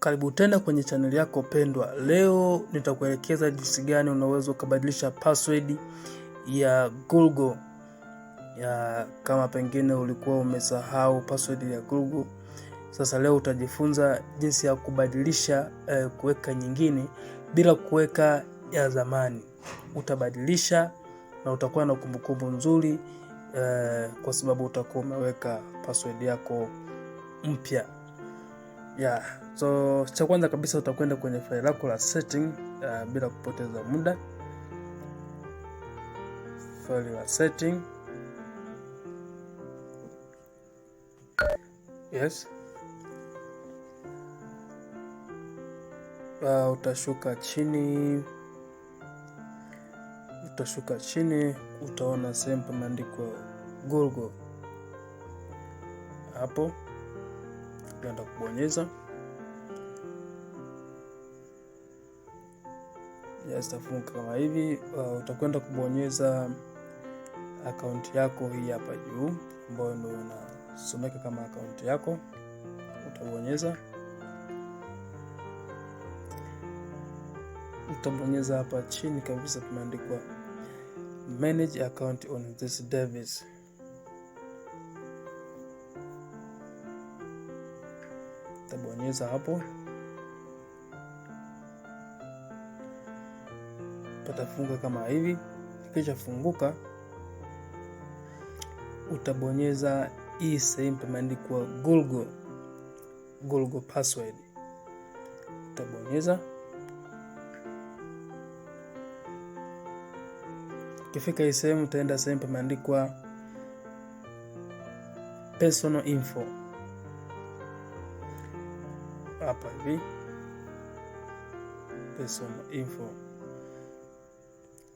Karibu tena kwenye chaneli yako pendwa. Leo nitakuelekeza jinsi gani unaweza ukabadilisha password ya Google ya, kama pengine ulikuwa umesahau password ya Google. Sasa leo utajifunza jinsi ya kubadilisha eh, kuweka nyingine bila kuweka ya zamani. Utabadilisha na utakuwa na kumbukumbu nzuri eh, kwa sababu utakuwa umeweka password yako mpya yeah. So cha kwanza kabisa utakwenda kwenye faili lako la setting uh, bila kupoteza muda, faili la setting yes. Uh, utashuka chini utashuka chini utaona sehemu pameandikwa Google hapo utaenda kubonyeza yatafunguka kama hivi. Uh, utakwenda kubonyeza akaunti yako hii hapa juu, ambayo ndio unasomeka kama akaunti yako, utabonyeza utabonyeza hapa chini kabisa kumeandikwa manage account on this device. tabonyeza hapo, patafunguka kama hivi. Ikishafunguka utabonyeza hii sehemu pameandikwa Google Google password, utabonyeza Ukifika hii sehemu utaenda sehemu pameandikwa personal info hapa hivi info.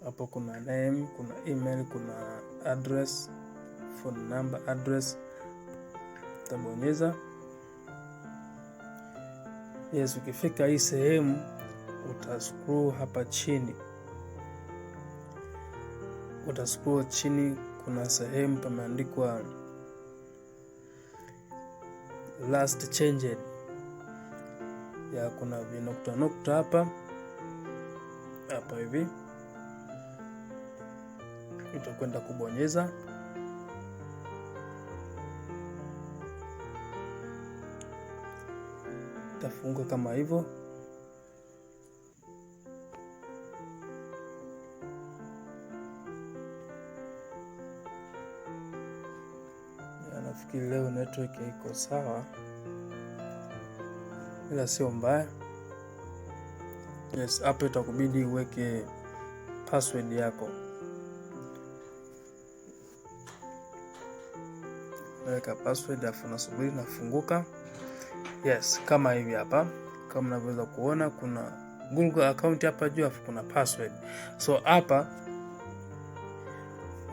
Hapo kuna name, kuna email, kuna address, phone number, address utabonyeza. Yes, ukifika hii sehemu utascroll hapa chini, utascroll chini, kuna sehemu pameandikwa last changed ya kuna vinukta nukta hapa hapa hivi, utakwenda kubonyeza tafunga kama hivyo. Nafikiri leo network iko sawa ila sio mbaya. Yes, hapo itakubidi uweke password yako. Weka password afu nasubiri nafunguka. Yes, kama hivi hapa, kama unavyoweza kuona kuna Google account hapa juu afu kuna password. So hapa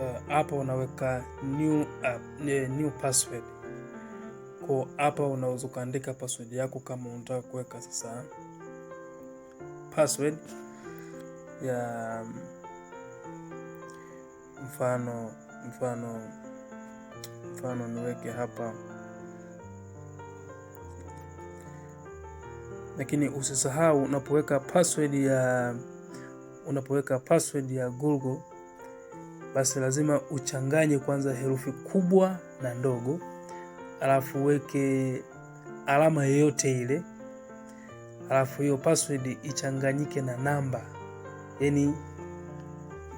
eh, hapa uh, unaweka new, uh, new password kwa hapa unaweza ukaandika password yako kama unataka kuweka sasa password ya mfano mfano mfano niweke hapa, lakini usisahau unapoweka password ya unapoweka password ya Google basi lazima uchanganye kwanza herufi kubwa na ndogo alafu uweke alama yoyote ile, alafu hiyo password ichanganyike na namba. Yani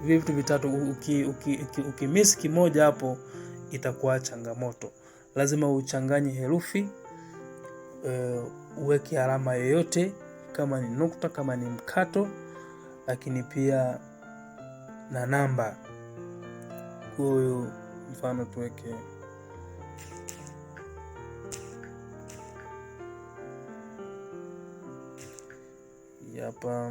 vile vitu vitatu, ukimiss uki, uki, uki kimoja hapo itakuwa changamoto. Lazima uchanganye herufi uh, uweke alama yoyote, kama ni nukta, kama ni mkato, lakini pia na namba. Kwa hiyo mfano tuweke Ya apa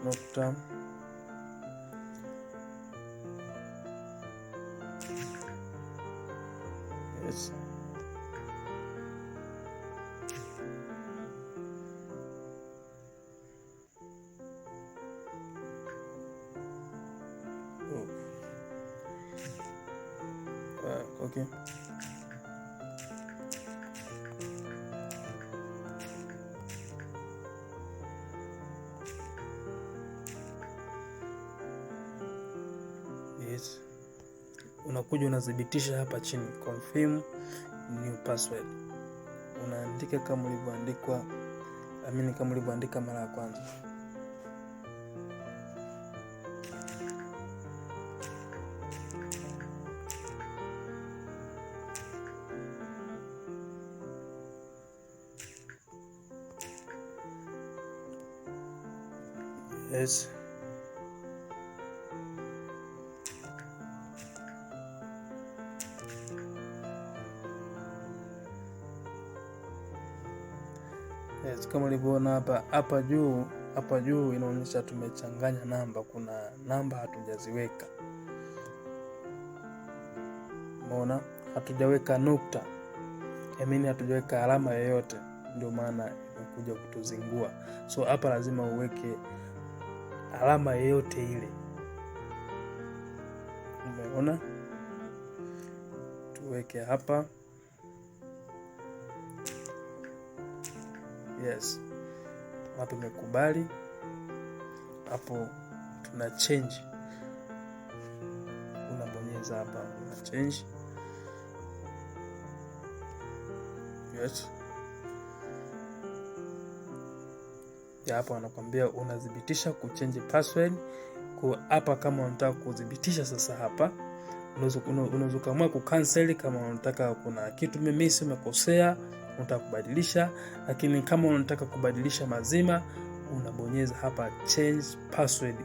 Noktam Yes Oh Okay hizi unakuja unadhibitisha hapa chini confirm new password, unaandika kama ulivyoandikwa amini, kama ulivyoandika mara ya kwanza. Yes. Yes, kama ulivyoona hapa hapa juu hapa juu inaonyesha tumechanganya namba, kuna namba hatujaziweka, mona hatujaweka nukta amini, hatujaweka alama yoyote, ndio maana imekuja kutuzingua. So hapa lazima uweke alama yoyote ile, umeona, tuweke hapa. yes, hapo imekubali, hapo tuna change, unabonyeza hapa, una change yes. ya hapa anakwambia unadhibitisha kuchange password kwa hapa. Kama unataka kudhibitisha sasa, hapa unaweza kuamua kucancel kama unataka, kuna kitu mimisi umekosea unataka kubadilisha, lakini kama unataka kubadilisha mazima unabonyeza hapa change password.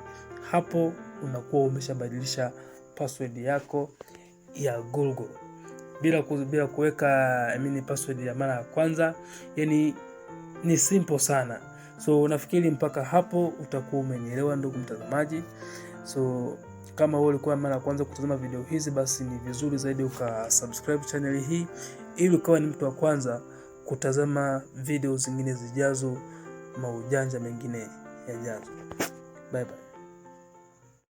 Hapo unakuwa umeshabadilisha password yako ya Google bila ku, bila kuweka mini password ya mara ya kwanza. Yani ni simple sana. So nafikiri mpaka hapo utakuwa umenielewa ndugu mtazamaji. So kama wewe ulikuwa mara ya kwanza kutazama video hizi, basi ni vizuri zaidi subscribe channel hii ili ukawa ni mtu wa kwanza kutazama video zingine zijazo, maujanja mengine yajazo. Bye bye.